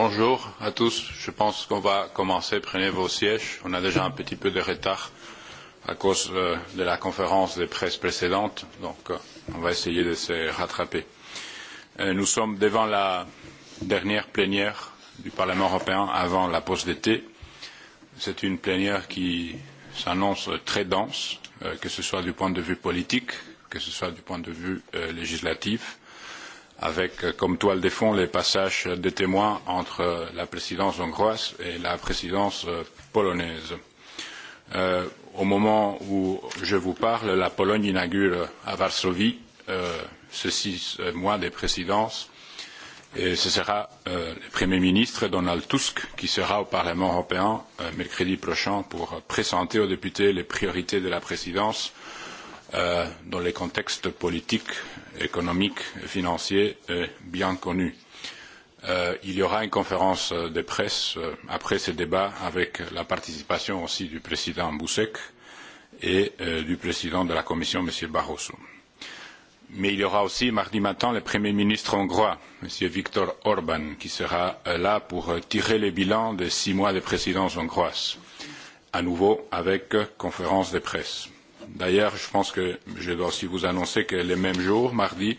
Bonjour à tous. Je pense qu'on va commencer. Prenez vos sièges. On a déjà un petit peu de retard à cause de la conférence de presse précédente, donc on va essayer de se rattraper. Nous sommes devant la dernière plénière du Parlement européen avant la pause d'été. C'est une plénière qui s'annonce très dense, que ce soit du point de vue politique, que ce soit du point de vue législatif avec comme toile de fond les passages de témoins entre la présidence hongroise et la présidence polonaise. au moment où je vous parle, la Pologne inaugure à Varsovie ce six mois de présidence et ce sera le Premier ministre Donald Tusk qui sera au Parlement européen mercredi prochain pour présenter aux députés les priorités de la présidence dans les contextes politiques, économiques, financiers bien connus. il y aura une conférence de presse après ce débat avec la participation aussi du président Buzek et du président de la Commission, M. Barroso. Mais il y aura aussi mardi matin le Premier ministre hongrois, M. Viktor Orban, qui sera là pour tirer le bilan des six mois de présidence hongroise, à nouveau avec conférence de presse D'ailleurs, je pense que je dois aussi vous annoncer que le même jour, mardi,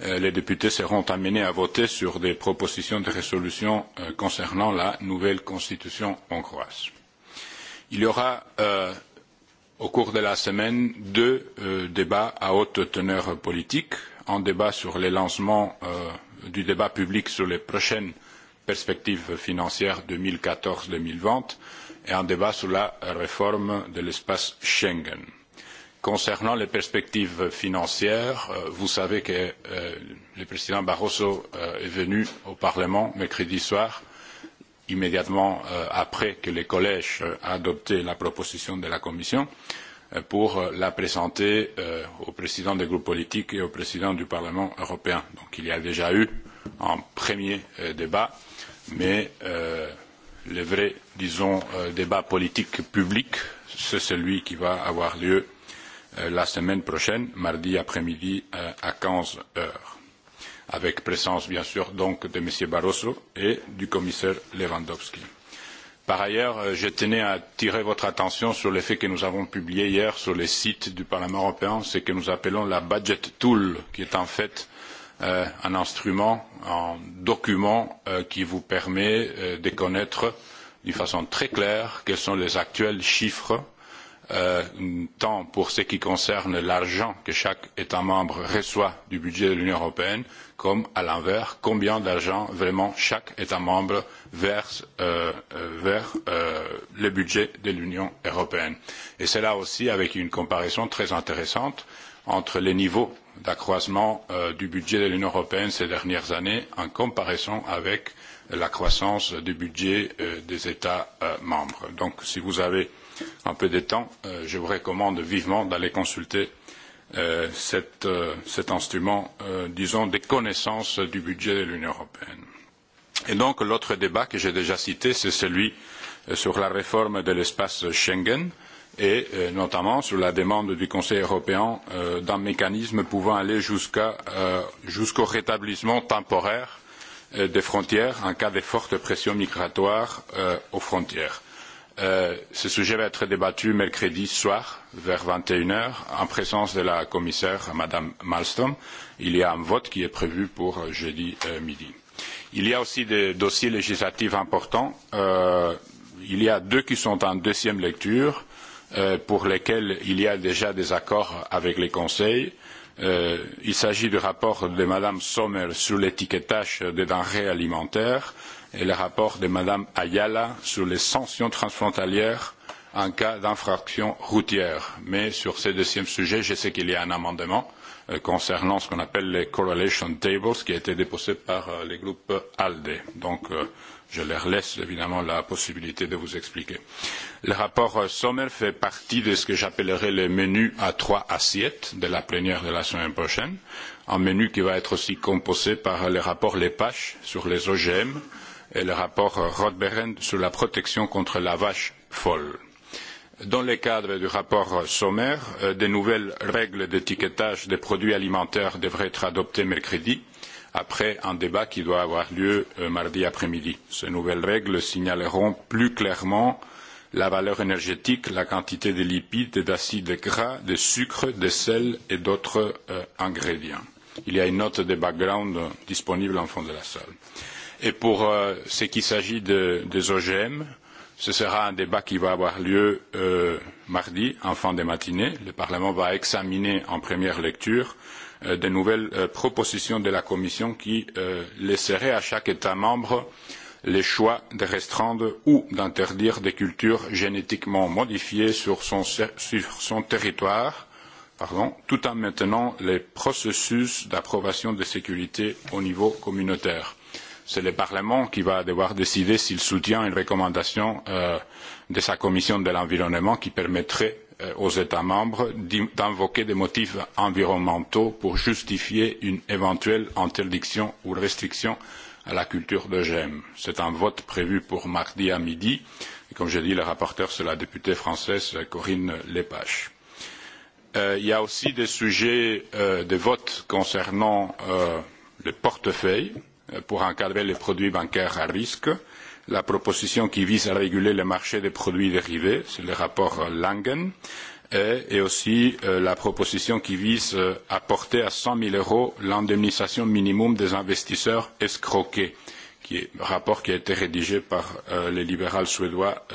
les députés seront amenés à voter sur des propositions de résolution concernant la nouvelle constitution hongroise. Il y aura au cours de la semaine deux débats à haute teneur politique, un débat sur le lancement du débat public sur les prochaines perspectives financières deux mille 2020 et un débat sur la réforme de l'espace Schengen Concernant les perspectives financières, vous savez que le président Barroso est venu au Parlement mercredi soir, immédiatement après que le collège a adopté la proposition de la Commission, pour la présenter au président des groupes politiques et au président du Parlement européen. Donc il y a déjà eu un premier débat, mais le vrai, disons, débat politique public, c'est celui qui va avoir lieu la semaine prochaine, mardi après-midi à quinze heures, avec présence bien sûr donc de M. Barroso et du commissaire Lewandowski. Par ailleurs, je tenais à attirer votre attention sur faits que nous avons publié hier sur le site du Parlement européen, ce que nous appelons la budget tool, qui est en fait un instrument, un document qui vous permet de connaître d'une façon très claire quels sont les actuels chiffres tant pour ce qui concerne l'argent que chaque État membre reçoit du budget de l'Union européenne, comme à l'inverse, combien d'argent vraiment chaque État membre verse vers le budget de l'Union européenne. Et c'est là aussi avec une comparaison très intéressante entre les niveaux d'accroissement du budget de l'Union européenne ces dernières années en comparaison avec la croissance du budget des États membres. Donc si vous avez un peu de temps, je vous recommande vivement d'aller consulter cet, instrument, disons, des connaissances du budget de l'Union européenne. Et donc, l'autre débat que j'ai déjà cité, c'est celui sur la réforme de l'espace Schengen et notamment sur la demande du Conseil européen d'un mécanisme pouvant aller jusqu'au rétablissement temporaire des frontières en cas de forte pression migratoire aux frontières ce sujet va être débattu mercredi soir vers vingt et une heures en présence de la commissaire Madame Malmström. Il y a un vote qui est prévu pour jeudi midi. Il y a aussi des dossiers législatifs importants. il y a deux qui sont en deuxième lecture pour lesquels il y a déjà des accords avec le Conseil. il s'agit du rapport de Madame Sommer sur l'étiquetage des denrées alimentaires et le rapport de Mme Ayala sur les sanctions transfrontalières en cas d'infraction routière. Mais sur ce deuxième sujet, je sais qu'il y a un amendement concernant ce qu'on appelle les correlation tables qui a été déposé par le groupe ALDE. Donc, je leur laisse évidemment la possibilité de vous expliquer. Le rapport Sommer fait partie de ce que j'appellerai le menu à trois assiettes de la plénière de la semaine prochaine, un menu qui va être aussi composé par le rapport Lepage sur les OGM, et le rapport Roth Behrendt sur la protection contre la vache folle. Dans le cadre du rapport sommaire, de nouvelles règles d'étiquetage des produits alimentaires devraient être adoptées mercredi, après un débat qui doit avoir lieu mardi après-midi. Ces nouvelles règles signaleront plus clairement la valeur énergétique, la quantité de lipides, d'acides gras, de sucre, de sel et d'autres ingrédients. Il y a une note de background disponible en fond de la salle. Et pour ce qui s'agit des OGM, ce sera un débat qui va avoir lieu mardi, en fin de matinée. Le Parlement va examiner en première lecture de nouvelles propositions de la Commission qui laisseraient à chaque État membre le choix de restreindre ou d'interdire des cultures génétiquement modifiées sur son, territoire, tout en maintenant les processus d'approbation de sécurité au niveau communautaire c'est le Parlement qui va devoir décider s'il soutient une recommandation de sa commission de l'environnement qui permettrait aux États membres d'invoquer des motifs environnementaux pour justifier une éventuelle interdiction ou restriction à la culture d'OGM. C'est un vote prévu pour mardi à midi. Et comme j'ai dit, le rapporteur, c'est la députée française Corinne Lepage. il y a aussi des sujets de vote concernant le portefeuille pour encadrer les produits bancaires à risque, la proposition qui vise à réguler le marché des produits dérivés, c'est le rapport Langen, et, aussi la proposition qui vise à porter à cent 000 euros l'indemnisation minimum des investisseurs escroqués, qui est un rapport qui a été rédigé par le libéral suédois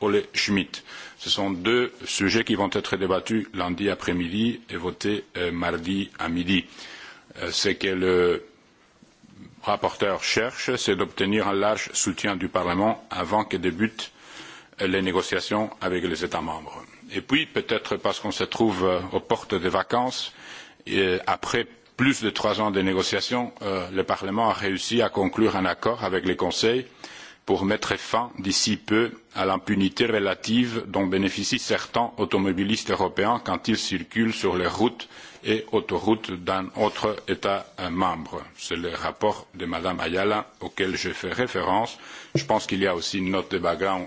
Ole Schmidt. Ce sont deux sujets qui vont être débattus lundi après-midi et votés mardi à midi. C'est que le rapporteur cherche, c'est d'obtenir un large soutien du Parlement avant que débutent les négociations avec les États membres. Et puis, peut-être parce qu'on se trouve aux portes des vacances, après plus de trois ans de négociations, le Parlement a réussi à conclure un accord avec le Conseil pour mettre fin d'ici peu à l'impunité relative dont bénéficient certains automobilistes européens quand ils circulent sur les routes et autoroutes d'un autre État membre. C'est le rapport de Mme Ayala auquel je fais référence. Je pense qu'il y a aussi une note de background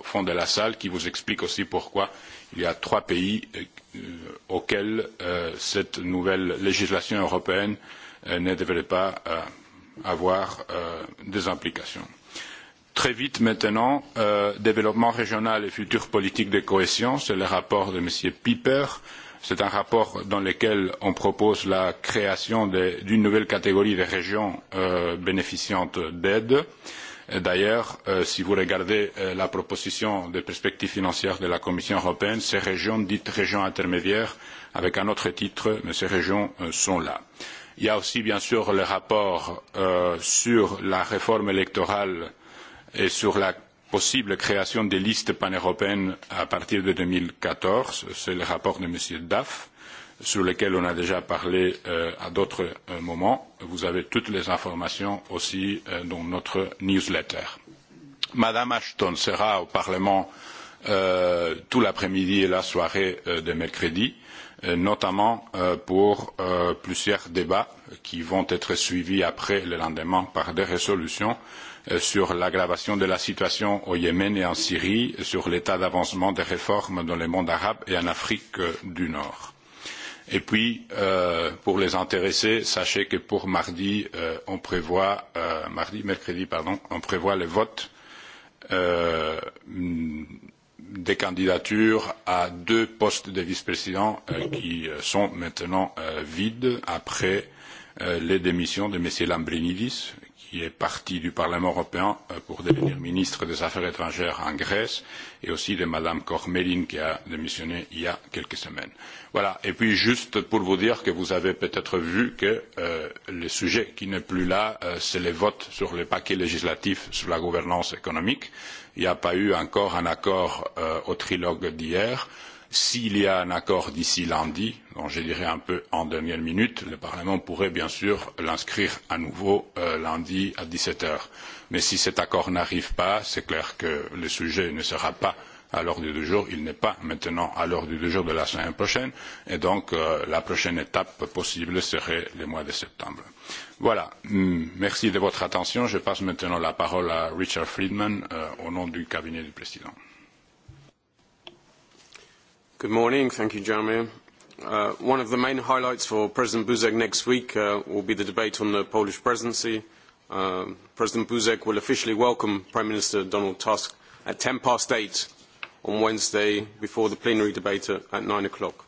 au fond de la salle qui vous explique aussi pourquoi il y a trois pays auxquels cette nouvelle législation européenne ne devrait pas avoir des implications. Très vite maintenant, développement régional et future politique de cohésion, c'est le rapport de M. Pieper C'est un rapport dans lequel on propose la création d'une nouvelle catégorie de régions bénéficiantes d'aide. D'ailleurs, si vous regardez la proposition de perspectives financières de la Commission européenne, ces régions dites régions intermédiaires, avec un autre titre, mais ces régions sont là. Il y a aussi, bien sûr, le rapport sur la réforme électorale et sur la possible création des listes paneuropéennes à partir de deux mille quatorze, C'est le rapport de M. Daff, sur lequel on a déjà parlé à d'autres moments. Vous avez toutes les informations aussi dans notre newsletter. Madame Ashton sera au Parlement tout l'après-midi et la soirée de mercredi, notamment pour plusieurs débats qui vont être suivis après le lendemain par des résolutions sur l'aggravation de la situation au Yémen et en Syrie, sur l'état d'avancement des réformes dans le monde arabe et en Afrique du Nord. Et puis, pour les intéressés, sachez que pour mardi, on prévoit, mardi, mercredi, pardon, on prévoit le vote des candidatures à deux postes de vice-président qui sont maintenant vides après les démissions de M. Lambrinidis, qui est parti du Parlement européen pour devenir ministre des Affaires étrangères en Grèce, et aussi de Madame Kormelin qui a démissionné il y a quelques semaines. Voilà. Et puis juste pour vous dire que vous avez peut-être vu que le sujet qui n'est plus là, c'est le vote sur le paquet législatif sur la gouvernance économique. Il n'y a pas eu encore un accord au trilogue d'hier S'il y a un accord d'ici lundi, donc je dirais un peu en dernière minute, le Parlement pourrait bien sûr l'inscrire à nouveau lundi à dix sept heures. Mais si cet accord n'arrive pas, c'est clair que le sujet ne sera pas à l'ordre du jour. Il n'est pas maintenant à l'ordre du jour de la semaine prochaine. Et donc, la prochaine étape possible serait le mois de septembre. Voilà. Merci de votre attention. Je passe maintenant la parole à Richard Friedman au nom du cabinet du président. Good morning. Thank you, Jamie. One of the main highlights for President Buzek next week will be the debate on the Polish presidency. President Buzek will officially welcome Prime Minister Donald Tusk at ten past eight on Wednesday before the plenary debate at nine o'clock.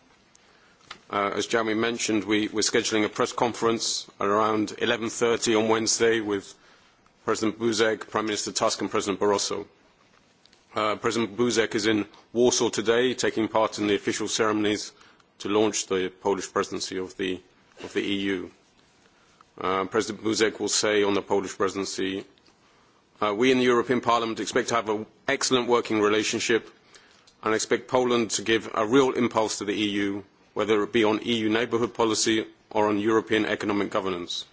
As Jeremy mentioned, we're scheduling a press conference at around eleven thirty on Wednesday with President Buzek, Prime Minister Tusk, and President Barroso President Buzek is in Warsaw today, taking part in the official ceremonies to launch the Polish presidency of the, EU. President Buzek will say on the Polish presidency, we in the European Parliament expect to have an excellent working relationship and expect Poland to give a real impulse to the EU, whether it be on EU neighbourhood policy or on European economic governance.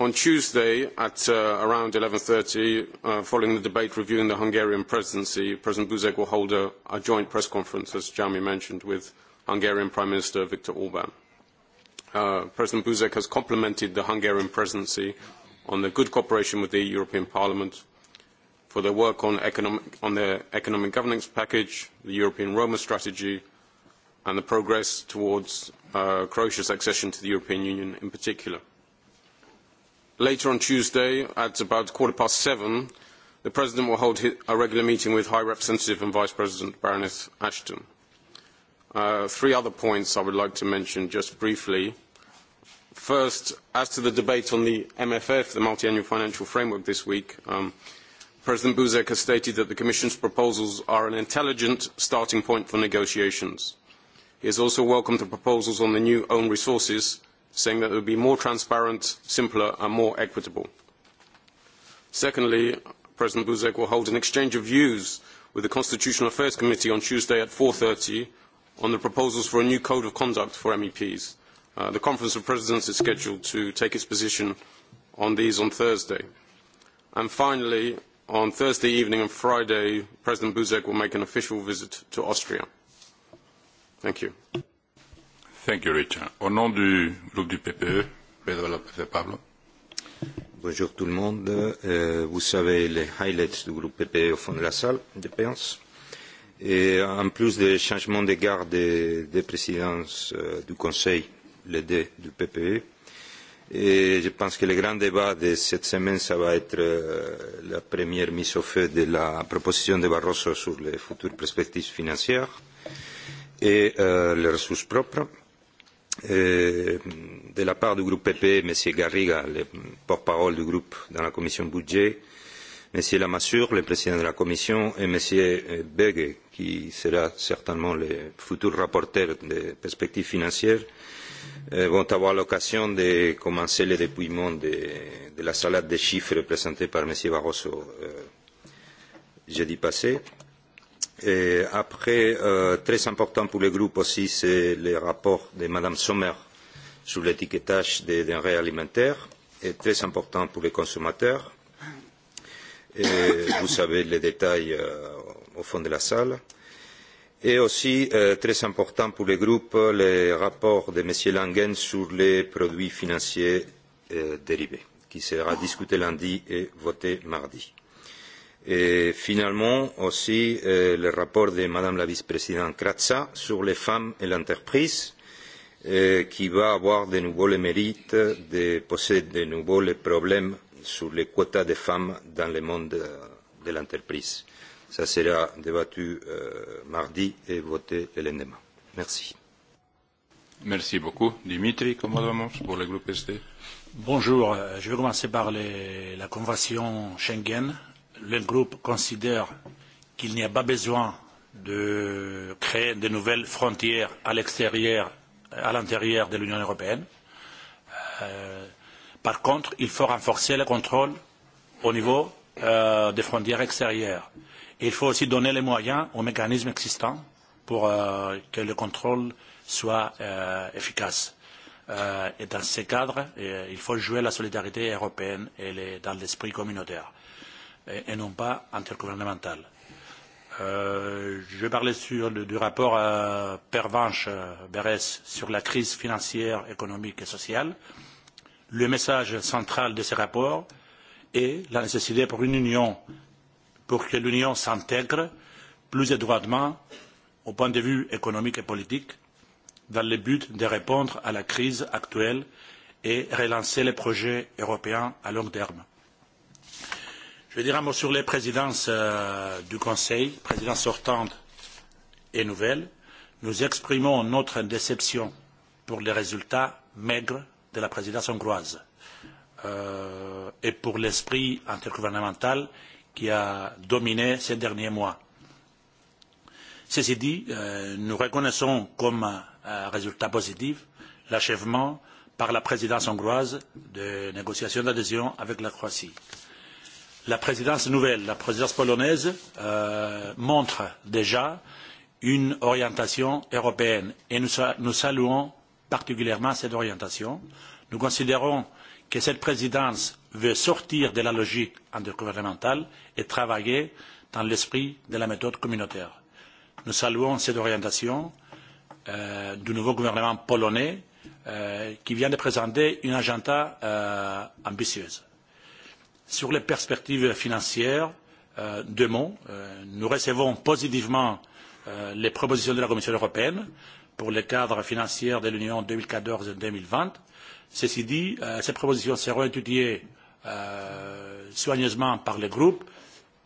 On Tuesday at around eleven thirty, following the debate reviewing the Hungarian presidency, President Buzek will hold a, joint press conference, as Jami mentioned, with Hungarian Prime Minister Viktor Orban. President Buzek has complimented the Hungarian presidency on the good cooperation with the European Parliament, for their work on, their economic governance package, the European Roma strategy, and the progress towards Croatia's accession to the European Union in particular. Later on Tuesday, at about quarter past seven, the President will hold a regular meeting with High Representative and Vice President Baroness Ashton. three other points I would like to mention just briefly. First, as to the debate on the MFF, the Multiannual Financial Framework this week, President Buzek has stated that the Commission's proposals are an intelligent starting point for negotiations. He has also welcomed the proposals on the new own resources saying that it would be more transparent, simpler and more equitable. Secondly, President Buzek will hold an exchange of views with the Constitutional Affairs Committee on Tuesday at 4.30 on the proposals for a new code of conduct for MEPs. the Conference of Presidents is scheduled to take its position on these on Thursday. And finally, on Thursday evening and Friday, President Buzek will make an official visit to Austria. Thank you. Thank you, Richard. Au nom du groupe du PPE, Pedro López de Pablo. Bonjour tout le monde. Euh, vous savez les highlights du groupe PPE au fond de la salle, je pense. Et en plus des changements de garde des, des présidences euh, du Conseil, les deux du PPE, et je pense que le grand débat de cette semaine, ça va être euh, la première mise au feu de la proposition de Barroso sur les futures perspectives financières et euh, les ressources propres de la part du groupe PPE, M. Garriga, le porte-parole du groupe dans la commission budget, M. Lamassoure, le président de la commission, et M. Bege, qui sera certainement le futur rapporteur des perspectives financières, vont avoir l'occasion de commencer le dépouillement de, la salade des chiffres présentée par M. Barroso jeudi passé. Euh, après, très important pour le groupe aussi, c'est le rapport de Mme Sommer sur l'étiquetage des denrées alimentaires, et très important pour les consommateurs. et vous savez les détails au fond de la salle. Et aussi, très important pour le groupe, le rapport de M. Langen sur les produits financiers dérivés, qui sera discuté lundi et voté mardi Et finalement, aussi, le rapport de Madame la vice-présidente kratsa sur les femmes et l'entreprise, qui va avoir de nouveau le mérite de poser de nouveau les problèmes sur les quotas des femmes dans le monde de l'entreprise. Ça sera débattu mardi et voté le lendemain. Merci. Merci beaucoup. Dimitri, comment pour le groupe ST Bonjour. Je vais commencer par la convention Schengen le groupe considère qu'il n'y a pas besoin de créer de nouvelles frontières à l'extérieur, à l'intérieur de l'Union européenne. par contre, il faut renforcer le contrôle au niveau des frontières extérieures. et Il faut aussi donner les moyens aux mécanismes existants pour que le contrôle soit efficace. et dans ce cadre, il faut jouer la solidarité européenne et dans l'esprit communautaire et, non pas intergouvernementale. je parlais du rapport euh, Pervenche Berès sur la crise financière, économique et sociale. Le message central de ce rapport est la nécessité pour une union, pour que l'union s'intègre plus étroitement au point de vue économique et politique, dans le but de répondre à la crise actuelle et relancer les projets européens à long terme vais dire un mot sur les présidences du Conseil, présidence sortante et nouvelle. Nous exprimons notre déception pour les résultats maigres de la présidence hongroise et pour l'esprit intergouvernemental qui a dominé ces derniers mois. Ceci dit, nous reconnaissons comme résultat positif l'achèvement par la présidence hongroise des négociations d'adhésion avec la Croatie la présidence nouvelle, la présidence polonaise, montre déjà une orientation européenne et nous, saluons particulièrement cette orientation. Nous considérons que cette présidence veut sortir de la logique intergouvernementale et travailler dans l'esprit de la méthode communautaire. Nous saluons cette orientation du nouveau gouvernement polonais qui vient de présenter une agenda ambitieuse Sur les perspectives financières, demain, nous recevons positivement les propositions de la Commission européenne pour le cadre financier de l'Union deux mille quatorze 2014-2020. Ceci dit, ces propositions seront étudiées soigneusement par le groupe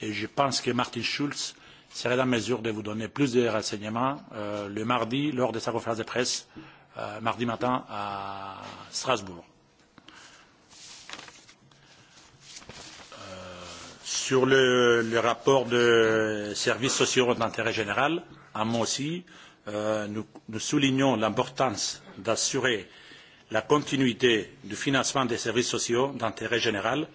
et je pense que Martin Schulz serait en mesure de vous donner plus de renseignements le mardi lors de sa conférence de presse, mardi matin à Strasbourg. sur le, rapport de services sociaux d'intérêt général, à moi aussi, nous, soulignons l'importance d'assurer la continuité du financement des services sociaux d'intérêt général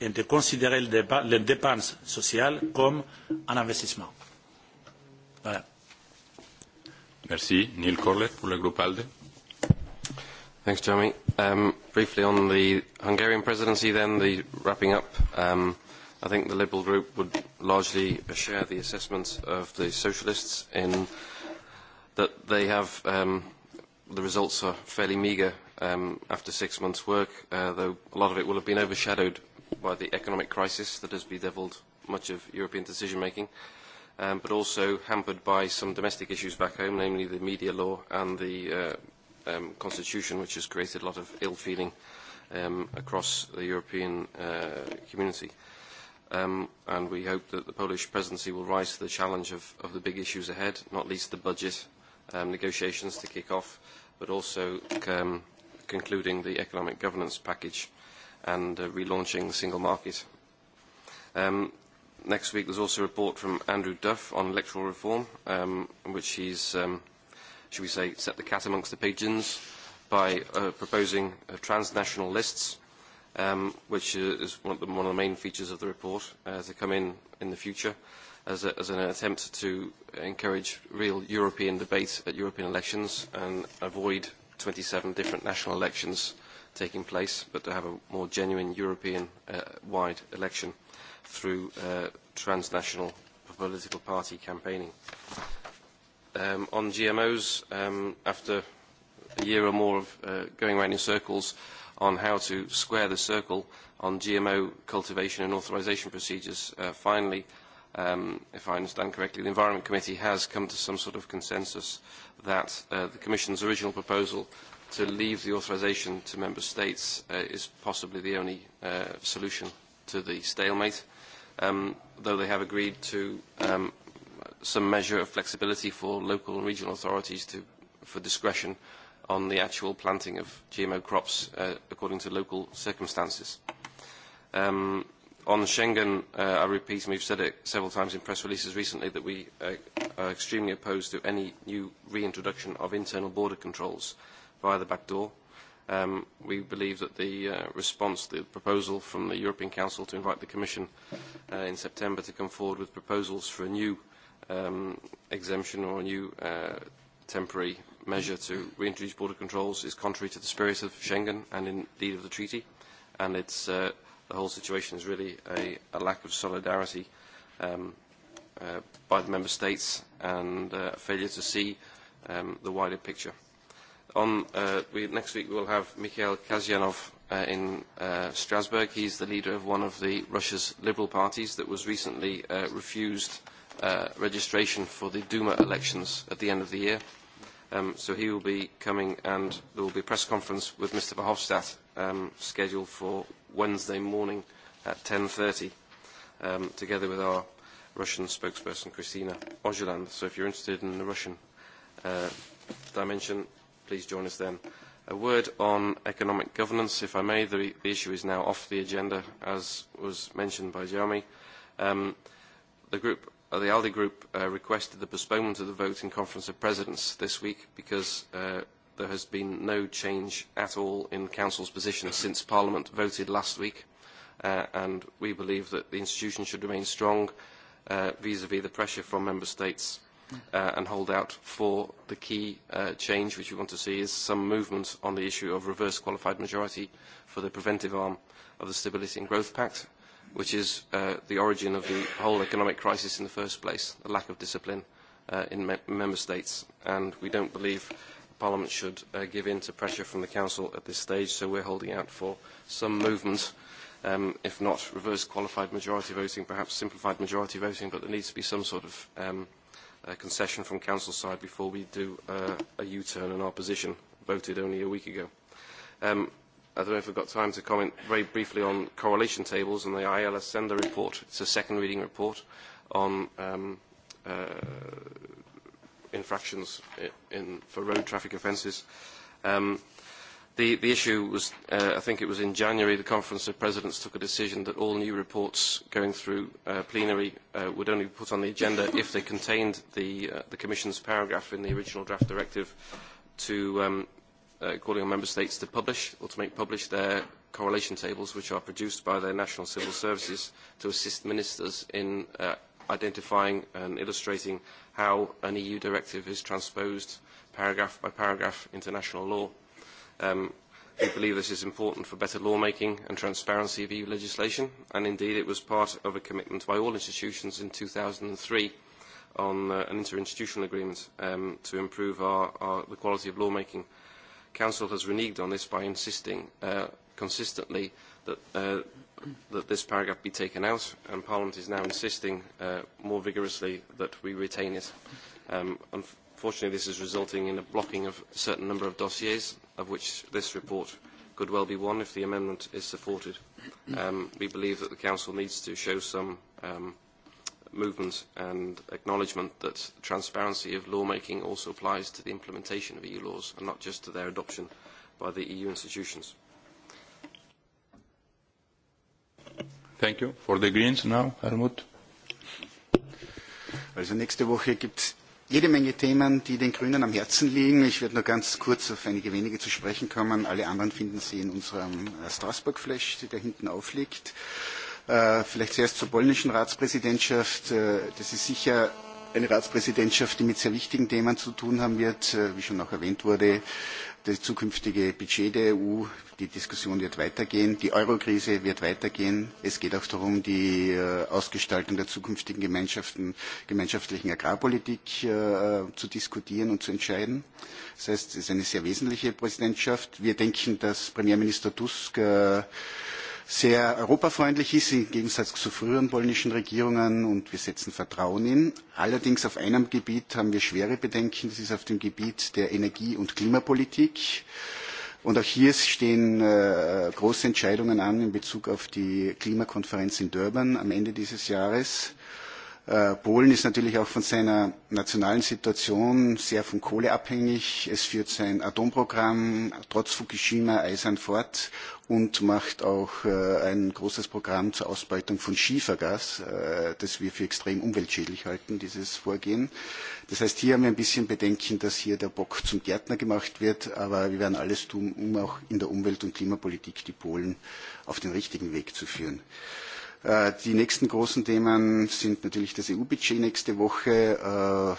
et de considérer les dépenses sociales comme un investissement. Voilà. Merci. Neil Corlett pour le groupe ALDE. Thanks, Jeremy. briefly on the Hungarian presidency, then the wrapping up. Um, I think the Liberal group would largely share the assessment of the Socialists in that they have um, the results are fairly meagre um, after six months' work, uh, though a lot of it will have been overshadowed by the economic crisis that has bedeviled much of European decision-making, um, but also hampered by some domestic issues back home, namely the media law and the uh, um, constitution, which has created a lot of ill-feeling um, across the European uh, community um, and we hope that the Polish presidency will rise to the challenge of, of the big issues ahead, not least the budget um, negotiations to kick off, but also um, concluding the economic governance package and uh, relaunching the single market. Um, next week there's also a report from Andrew Duff on electoral reform, um, in which he's, um, should we say, set the cat amongst the pigeons by uh, proposing uh, transnational lists um, which is one of, the, one of the main features of the report uh, to come in in the future as, a, as an attempt to encourage real European debate at European elections and avoid 27 different national elections taking place, but to have a more genuine European-wide election through uh, transnational political party campaigning. Um, on GMOs, um, after a year or more of uh, going around in circles, on how to square the circle on GMO cultivation and authorisation procedures. Uh, finally, um, if I understand correctly, the Environment Committee has come to some sort of consensus that uh, the Commission's original proposal to leave the authorisation to Member States uh, is possibly the only uh, solution to the stalemate, um, though they have agreed to um, some measure of flexibility for local and regional authorities to, for discretion on the actual planting of GMO crops uh, according to local circumstances. Um, on Schengen, uh, I repeat, and we've said it several times in press releases recently, that we uh, are extremely opposed to any new reintroduction of internal border controls via the back door. Um, we believe that the uh, response, the proposal from the European Council to invite the Commission uh, in September to come forward with proposals for a new um, exemption or a new uh, temporary measure to reintroduce border controls is contrary to the spirit of Schengen and indeed of the treaty, and it's, uh, the whole situation is really a, a lack of solidarity um, uh, by the member states and uh, a failure to see um, the wider picture. On uh, we, next week we'll have Mikhail Kazyanov uh, in uh, Strasbourg. He's the leader of one of the Russia's liberal parties that was recently uh, refused uh, registration for the Duma elections at the end of the year Um, so he will be coming and there will be a press conference with Mr Verhofstadt um, scheduled for Wednesday morning at 10.30 um, together with our Russian spokesperson Christina Ojuland. So if you're interested in the Russian uh, dimension, please join us then. A word on economic governance, if I may. The, the issue is now off the agenda, as was mentioned by Jeremy. Um, the group uh, the ALDE group uh, requested the postponement of the vote in Conference of Presidents this week because uh, there has been no change at all in Council's position since Parliament voted last week. Uh, and we believe that the institution should remain strong vis-à-vis uh, -vis the pressure from Member States uh, and hold out for the key uh, change which we want to see is some movement on the issue of reverse qualified majority for the preventive arm of the Stability and Growth Pact which is uh, the origin of the whole economic crisis in the first place, the lack of discipline uh, in me member states. And we don't believe Parliament should uh, give in to pressure from the Council at this stage, so we're holding out for some movement, um, if not reverse qualified majority voting, perhaps simplified majority voting, but there needs to be some sort of um, concession from Council side before we do uh, a U-turn in our position, voted only a week ago. Um, I don't know if we've got time to comment very briefly on correlation tables and the ILS Sender report. It's a second reading report on um, uh, infractions in, for road traffic offences. Um, the, the issue was, uh, I think it was in January, the Conference of Presidents took a decision that all new reports going through uh, plenary uh, would only be put on the agenda if they contained the, uh, the Commission's paragraph in the original draft directive to um, calling on member states to publish or to make publish their correlation tables which are produced by their national civil services to assist ministers in identifying and illustrating how an EU directive is transposed paragraph by paragraph into national law. we believe this is important for better lawmaking and transparency of EU legislation, and indeed it was part of a commitment by all institutions in two thousand three on an interinstitutional agreement to improve the quality of lawmaking Council has reneged on this by insisting uh, consistently that, uh, that this paragraph be taken out, and Parliament is now insisting uh, more vigorously that we retain it. Um, unfortunately, this is resulting in a blocking of a certain number of dossiers, of which this report could well be one if the amendment is supported. Um, we believe that the Council needs to show some um, movement and acknowledgement that transparency of lawmaking also applies to the implementation of EU laws and not just to their adoption by the EU institutions. Thank you. For the Greens now, Helmut. Also nächste Woche gibt es jede Menge Themen, die den Grünen am Herzen liegen. Ich werde nur ganz kurz auf einige wenige zu sprechen kommen. Alle anderen finden Sie in unserem Straßburg-Flash, der hinten aufliegt. Vielleicht zuerst zur polnischen Ratspräsidentschaft. Das ist sicher eine Ratspräsidentschaft, die mit sehr wichtigen Themen zu tun haben wird, wie schon auch erwähnt wurde. Das zukünftige Budget der EU, die Diskussion wird weitergehen, die Eurokrise wird weitergehen. Es geht auch darum, die Ausgestaltung der zukünftigen gemeinschaftlichen Agrarpolitik zu diskutieren und zu entscheiden. Das heißt, es ist eine sehr wesentliche Präsidentschaft. Wir denken, dass Premierminister Tusk sehr europafreundlich ist, im Gegensatz zu früheren polnischen Regierungen, und wir setzen Vertrauen in. Allerdings auf einem Gebiet haben wir schwere Bedenken, das ist auf dem Gebiet der Energie- und Klimapolitik. Und auch hier stehen große Entscheidungen an in Bezug auf die Klimakonferenz in Durban am Ende dieses Jahres Polen ist natürlich auch von seiner nationalen Situation sehr von Kohle abhängig. Es führt sein Atomprogramm trotz Fukushima eisern fort und macht auch ein großes Programm zur Ausbeutung von Schiefergas, das wir für extrem umweltschädlich halten, dieses Vorgehen. Das heißt, hier haben wir ein bisschen Bedenken, dass hier der Bock zum Gärtner gemacht wird, aber wir werden alles tun, um auch in der Umwelt- und Klimapolitik die Polen auf den richtigen Weg zu führen. Die nächsten großen Themen sind natürlich das EU-Budget nächste Woche.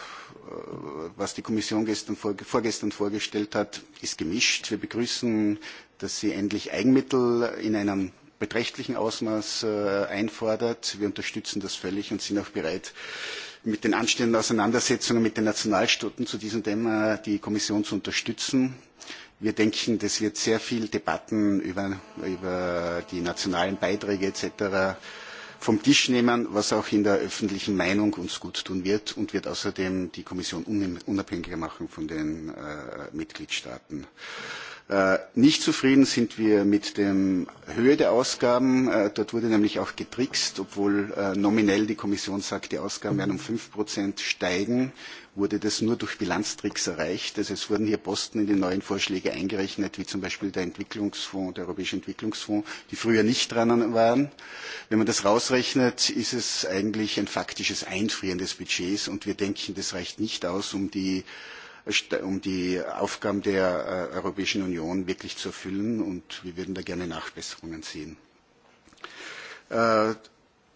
Was die Kommission vorgestern vorgestellt hat, ist gemischt. Wir begrüßen, dass sie endlich Eigenmittel in einem beträchtlichen Ausmaß einfordert. Wir unterstützen das völlig und sind auch bereit, mit den anstehenden Auseinandersetzungen mit den Nationalstaaten zu diesem Thema die Kommission zu unterstützen. Wir denken, das wird sehr viele Debatten über, die nationalen Beiträge etc. vom Tisch nehmen, was auch in der öffentlichen Meinung uns gut tun wird und wird außerdem die Kommission unabhängiger machen von den Mitgliedstaaten. Äh, Nicht zufrieden sind wir mit der Höhe der Ausgaben. Dort wurde nämlich auch getrickst, obwohl nominell die Kommission sagt, die Ausgaben werden um fünf Prozent steigen, wurde das nur durch Bilanztricks erreicht. Also es wurden hier Posten in die neuen Vorschläge eingerechnet, wie zum Beispiel der Entwicklungsfonds, der Europäische Entwicklungsfonds, die früher nicht dran waren. Wenn man das rausrechnet, ist es eigentlich ein faktisches Einfrieren des Budgets und wir denken, das reicht nicht aus, um die um die Aufgaben der Europäischen Union wirklich zu erfüllen. Und wir würden da gerne Nachbesserungen sehen.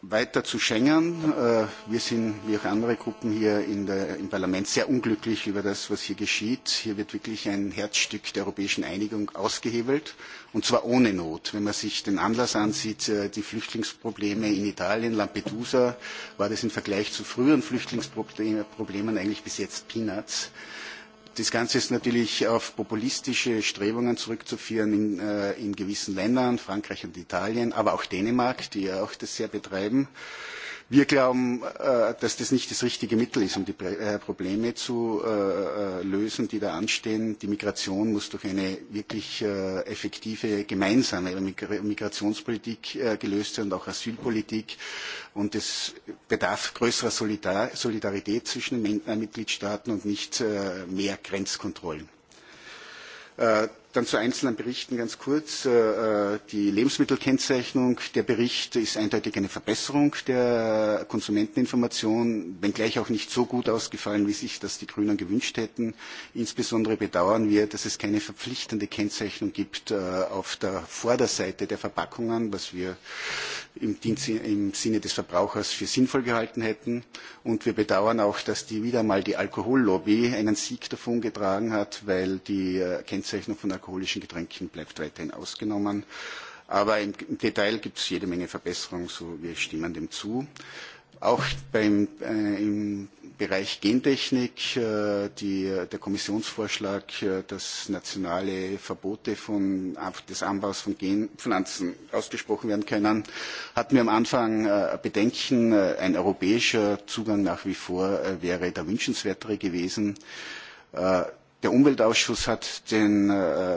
Weiter zu Schengen. Wir sind, wie auch andere Gruppen hier im Parlament, sehr unglücklich über das, was hier geschieht. Hier wird wirklich ein Herzstück der europäischen Einigung ausgehebelt, und zwar ohne Not. Wenn man sich den Anlass ansieht, die Flüchtlingsprobleme in Italien, Lampedusa, war das im Vergleich zu früheren Flüchtlingsproblemen eigentlich bis jetzt Peanuts das Ganze ist natürlich auf populistische Strebungen zurückzuführen in, gewissen Ländern, Frankreich und Italien, aber auch Dänemark, die ja auch das sehr betreiben. Wir glauben, dass das nicht das richtige Mittel ist, um die Probleme zu lösen, die da anstehen. Die Migration muss durch eine wirklich effektive gemeinsame Migrationspolitik gelöst werden und auch Asylpolitik. Und es bedarf größerer Solidarität zwischen den Mitgliedstaaten und nicht mehr Grenzkontrollen Dann zu einzelnen Berichten ganz kurz. Die Lebensmittelkennzeichnung, der Bericht ist eindeutig eine Verbesserung der Konsumenteninformation, wenngleich auch nicht so gut ausgefallen, wie sich das die Grünen gewünscht hätten. Insbesondere bedauern wir, dass es keine verpflichtende Kennzeichnung gibt auf der Vorderseite der Verpackungen, was wir im Sinne des Verbrauchers für sinnvoll gehalten hätten. Und wir bedauern auch, dass die wieder mal die Alkohollobby einen Sieg davon getragen hat, weil die Kennzeichnung von alkoholischen Getränken bleibt weiterhin ausgenommen. Aber im Detail gibt es jede Menge Verbesserungen, so wir stimmen dem zu. Auch im Bereich Gentechnik, der Kommissionsvorschlag, dass nationale Verbote des Anbaus von Genpflanzen ausgesprochen werden können, hatten wir am Anfang Bedenken. Ein europäischer Zugang nach wie vor wäre der wünschenswertere gewesen Der Umweltausschuss hat den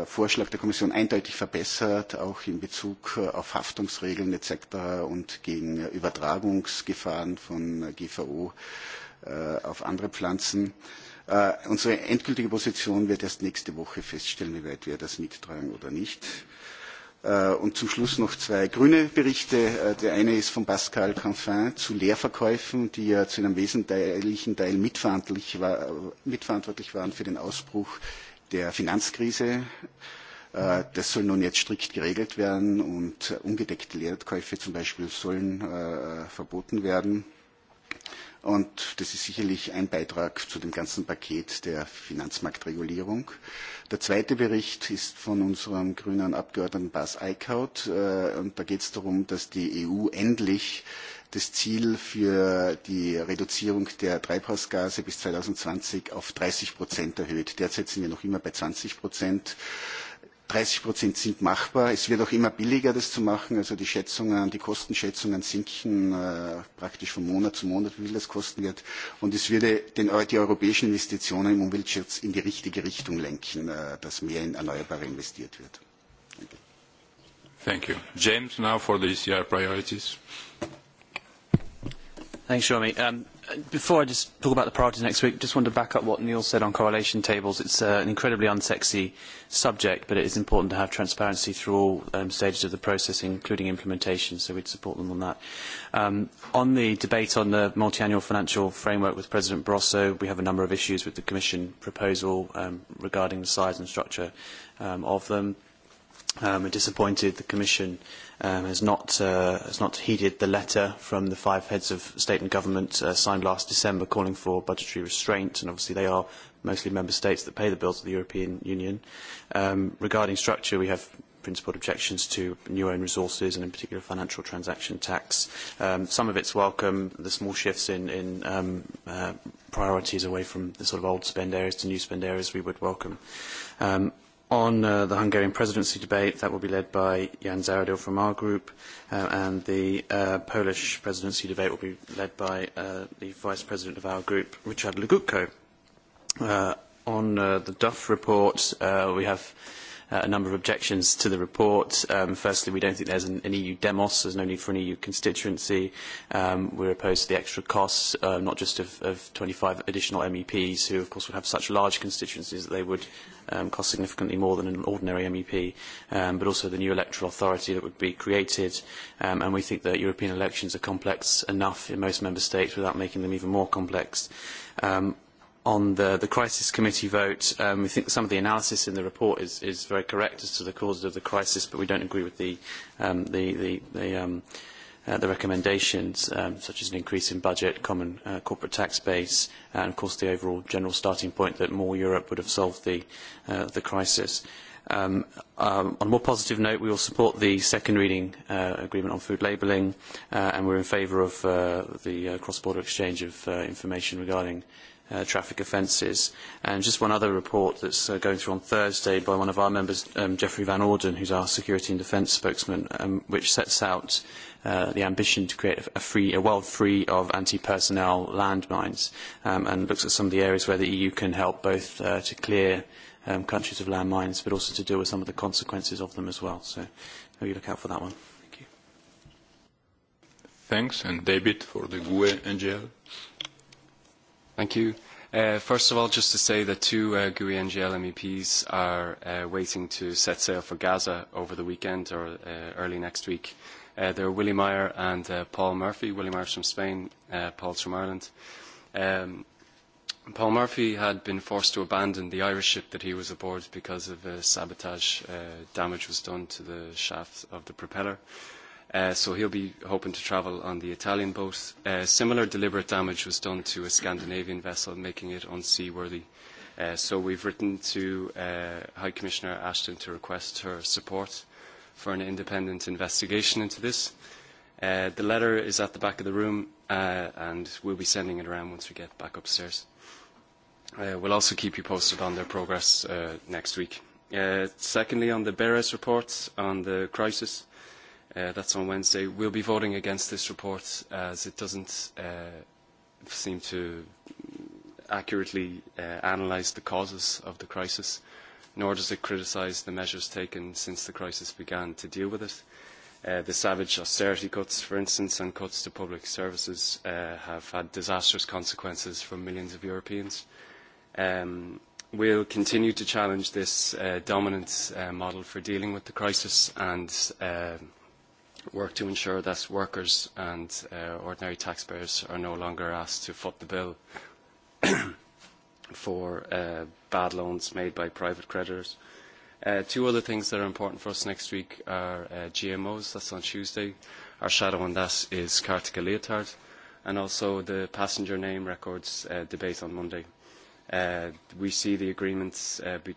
Vorschlag der Kommission eindeutig verbessert, auch in Bezug auf Haftungsregeln etc. und gegen Übertragungsgefahren von GVO auf andere Pflanzen. unsere endgültige Position wird erst nächste Woche feststellen, wie weit wir das mittragen oder nicht. Und zum Schluss noch zwei grüne Berichte. Der eine ist von Pascal Canfin zu Leerverkäufen, die ja zu einem wesentlichen Teil mitverantwortlich, waren für den Ausbruch der Finanzkrise. Das soll nun jetzt strikt geregelt werden und ungedeckte Leerkäufe zum Beispiel sollen verboten werden. Und das ist sicherlich ein Beitrag zu dem ganzen Paket der Finanzmarktregulierung. Der zweite Bericht ist von unserem grünen Abgeordneten Bas Eickhout. Und da geht es darum, dass die EU endlich das Ziel für die Reduzierung der Treibhausgase bis 2020 auf 30 Prozent erhöht. Derzeit sind wir noch immer bei 20 Prozent 30 Prozent sind machbar. Es wird auch immer billiger, das zu machen. Also die Schätzungen, die Kostenschätzungen sinken praktisch von Monat zu Monat, wie viel das kosten wird. Und es würde die europäischen Investitionen im Umweltschutz in die richtige Richtung lenken, dass mehr in Erneuerbare investiert wird. Thank you. James, now for the ECR priorities. Thanks, Jeremy. Um, before I just talk about the priorities next week, just want to back up what Neil said on correlation tables. It's uh, an incredibly unsexy subject, but it is important to have transparency through all um, stages of the process, including implementation, so we'd support them on that. Um, on the debate on the multi-annual financial framework with President Barroso, we have a number of issues with the Commission proposal um, regarding the size and structure um, of them. Um, we're disappointed the Commission um, has, not, uh, has not heeded the letter from the five heads of state and government uh, signed last December calling for budgetary restraint, and obviously they are mostly member states that pay the bills of the European Union. Um, regarding structure, we have principled objections to new own resources and in particular financial transaction tax. Um, some of it's welcome, the small shifts in, in um, uh, priorities away from the sort of old spend areas to new spend areas we would welcome. Um, on the Hungarian presidency debate. That will be led by Jan Zaradil from our group, and the Polish presidency debate will be led by the vice president of our group, Richard Legutko. on the Duff report, we have a number of objections to the report. Um, firstly, we don't think there's an, an EU demos. There's no need for an EU constituency. Um, we're opposed to the extra costs, uh, not just of, of 25 additional MEPs, who, of course, would have such large constituencies that they would um, cost significantly more than an ordinary MEP, um, but also the new electoral authority that would be created. Um, and we think that European elections are complex enough in most member states without making them even more complex. Um, on the, the crisis committee vote, um, we think some of the analysis in the report is, is very correct as to the causes of the crisis, but we don't agree with the, um, the, the, the, um, uh, the recommendations, um, such as an increase in budget, common uh, corporate tax base, and of course the overall general starting point that more Europe would have solved the, uh, the crisis. Um, um, on a more positive note, we will support the second reading uh, agreement on food labelling, uh, and we're in favour of uh, the uh, cross-border exchange of uh, information regarding uh, traffic offences. And just one other report that's uh, going through on Thursday by one of our members, um, Jeffrey Van Orden, who's our security and defence spokesman, um, which sets out uh, the ambition to create a, free, a world free of anti-personnel landmines um, and looks at some of the areas where the EU can help both uh, to clear um, countries of landmines but also to deal with some of the consequences of them as well. So maybe look out for that one. Thank you. Thanks, and David for the GUE NGL. Thank you. Uh, first of all, just to say that two uh, GUI NGL MEPs are uh, waiting to set sail for Gaza over the weekend or uh, early next week. Uh, they're Willie Meyer and uh, Paul Murphy. Willie Meyer's from Spain, uh, Paul's from Ireland. Um, Paul Murphy had been forced to abandon the Irish ship that he was aboard because of uh, sabotage. Uh, damage was done to the shaft of the propeller. Uh, so he'll be hoping to travel on the Italian boat. similar deliberate damage was done to a Scandinavian vessel, making it unseaworthy. so we've written to High Commissioner Ashton to request her support for an independent investigation into this. the letter is at the back of the room, and we'll be sending it around once we get back upstairs. we'll also keep you posted on their progress next week. secondly, on the Beres report on the crisis, that's on Wednesday. We'll be voting against this report as it doesn't seem to accurately analyse the causes of the crisis, nor does it criticise the measures taken since the crisis began to deal with it. the savage austerity cuts, for instance, and cuts to public services have had disastrous consequences for millions of Europeans. Um, will continue to challenge this dominant model for dealing with the crisis and work to ensure that workers and uh, ordinary taxpayers are no longer asked to foot the bill for uh, bad loans made by private creditors. Uh, two other things that are important for us next week are uh, GMOs, that's on Tuesday. Our shadow on that is Kartika Leotard, and also the passenger name records uh, debate on Monday. Uh, we see the agreements uh, be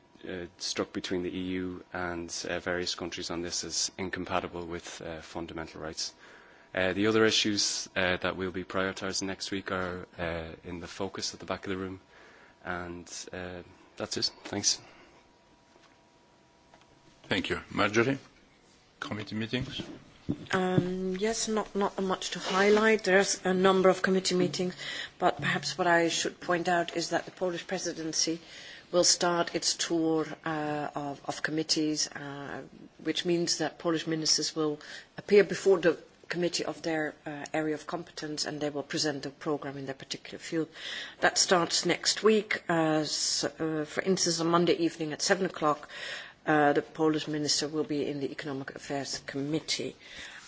struck between the EU and various countries on this as incompatible with fundamental rights. the other issues that we will be prioritising next week are in the focus at the back of the room. And uh, that's it. Thanks. Thank you. Marjorie, committee meetings? yes, not, not much to highlight. There's a number of committee meetings, but perhaps what I should point out is that the Polish presidency uh, will start its tour uh, of, of committees, uh, which means that Polish ministers will appear before the committee of their uh, area of competence and they will present the program in their particular field. That starts next week. Uh, so, uh, for instance, on Monday evening at 7 o'clock, uh, the Polish minister will be in the Economic Affairs Committee.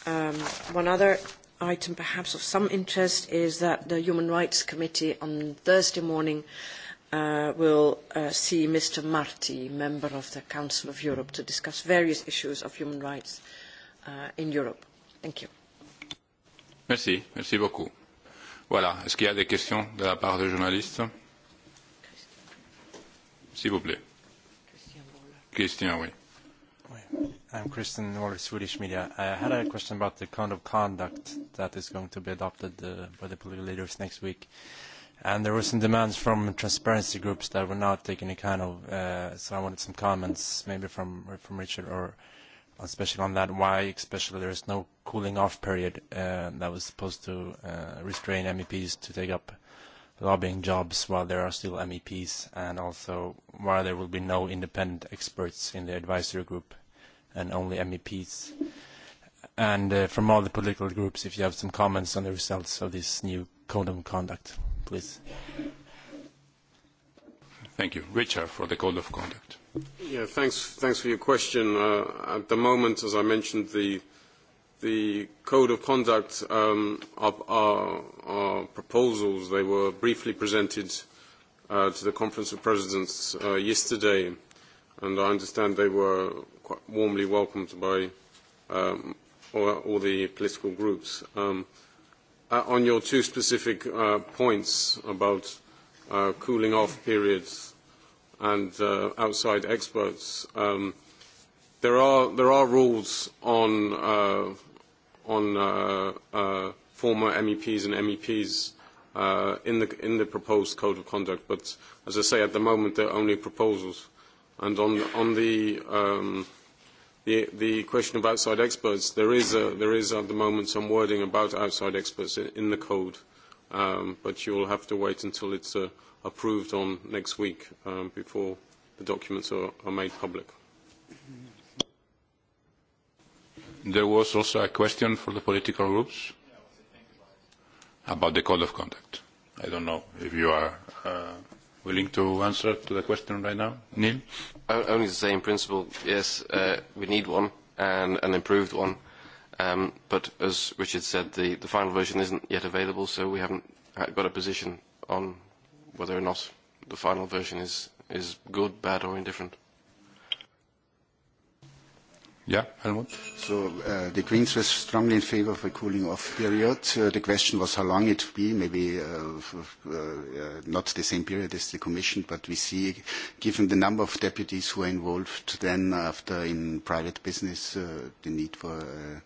Um, one other item perhaps of some interest is that the Human Rights Committee on Thursday morning uh, will see Mr. Marti, member of the Council of Europe, to discuss various issues of human rights in Europe. Thank you. Merci, merci beaucoup. Voilà, est-ce qu'il y a des questions de la part des journalistes S'il vous plaît. Christian, oui. I'm Christian Waller, Swedish media. I had a question about the code of conduct that is going to be adopted uh, by the political leaders next week. Uh, and there were some demands from transparency groups that were not taken account of. Uh, so I wanted some comments, maybe from from Richard or especially on that, why especially there is no cooling off period uh, that was supposed to uh, restrain MEPs to take up lobbying jobs while there are still MEPs, and also why there will be no independent experts in the advisory group and only MEPs. And uh, from all the political groups, if you have some comments on the results of this new code of conduct please. Thank you. Richard, for the code of conduct. Yeah, thanks, thanks for your question. Uh, at the moment, as I mentioned, the the code of conduct um, are, are, are proposals. They were briefly presented uh, to the Conference of Presidents uh, yesterday, and I understand they were quite warmly welcomed by um, all, all the political groups. Um, on your two specific points about cooling off periods and outside experts, there are there are rules on uh uh uh on former MEPs and MEPs uh in the in the proposed code of conduct. But as I say, at the moment, they're only proposals. And on on the um the, the question of outside experts, there is, a, there is at the moment some wording about outside experts in, in the code, um, but you will have to wait until it's uh, approved on next week um, before the documents are, are made public. There was also a question for the political groups about the code of conduct. I don't know if you are uh, willing to answer to the question right now? Neil? Only the same principle, yes. Uh, we need one, and an improved one. Um, but as Richard said, the, the final version isn't yet available, so we haven't got a position on whether or not the final version is, is good, bad, or indifferent. Yeah, Helmut? So uh, the Greens were strongly in favor of a cooling off period. Uh, the question was how long it would be, maybe uh, uh, not the same period as the Commission, but we see, given the number of deputies who are involved then after in private business, uh, the need for uh,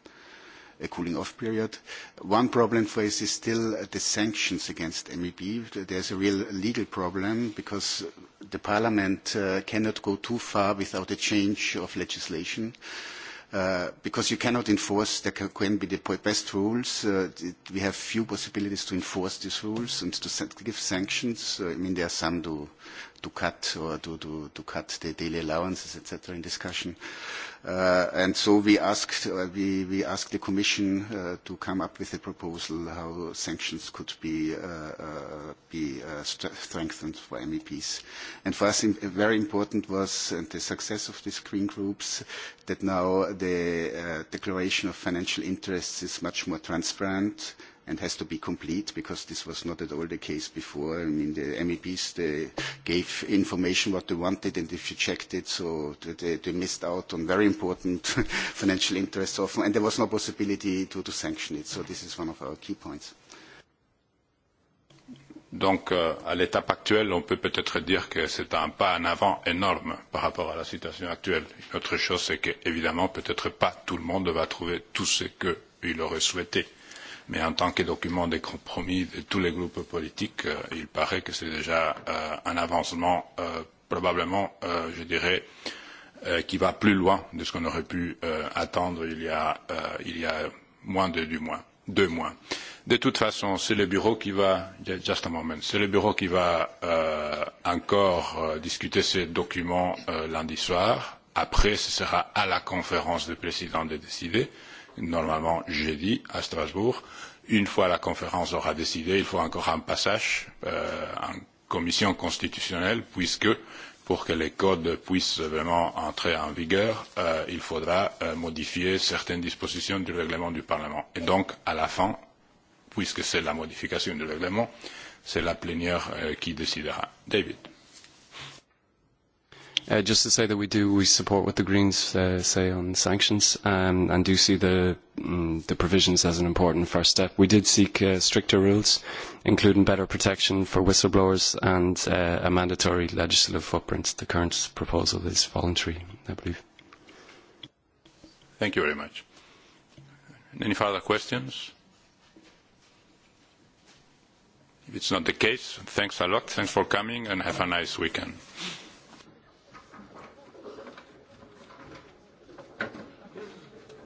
a cooling off period. One problem for us is still the sanctions against MEB. There's a real legal problem because the parliament cannot go too far without a change of legislation because you cannot enforce, there can be the best rules. we have few possibilities to enforce these rules and to give sanctions. I mean, there are some to, to cut or to, to, to cut the daily allowances, etc. in discussion. Uh, and so we asked, uh, we, we asked the Commission uh, to come up with a proposal how sanctions could be, uh, uh, be uh, strengthened for MEPs. And for us, in, very important was the success of these green groups that now the uh, declaration of financial interests is much more transparent and has to be complete because this was not at all the case before. I mean, the MEPs, they gave information what they wanted and if you checked it, so they, they missed out on very important financial interests often and there was no possibility to, to sanction it. So this is one of our key points. Donc, euh, à l'étape actuelle, on peut peut-être dire que c'est un pas en avant énorme par rapport à la situation actuelle. Une autre chose, c'est qu'évidemment, peut-être pas tout le monde va trouver tout ce qu'il aurait souhaité Mais en tant que document de compromis de tous les groupes politiques, il paraît que c'est déjà un avancement probablement, je dirais, qui va plus loin de ce qu'on aurait pu attendre il y a, moins de deux mois. De toute façon, c'est le bureau qui va, just a moment, c'est le bureau qui va encore discuter ces documents lundi soir. Après, ce sera à la conférence des présidents de décider normalement jeudi à Strasbourg. Une fois la conférence aura décidé, il faut encore un passage en commission constitutionnelle, puisque pour que les codes puissent vraiment entrer en vigueur, il faudra modifier certaines dispositions du règlement du Parlement. Et donc, à la fin, puisque c'est la modification du règlement, c'est la plénière qui décidera. David just to say that we do, we support what the Greens uh, say on sanctions um, and do see the, um, the provisions as an important first step. We did seek uh, stricter rules, including better protection for whistleblowers and uh, a mandatory legislative footprint. The current proposal is voluntary, I believe. Thank you very much. Any further questions? If it's not the case, thanks a lot. Thanks for coming and have a nice weekend.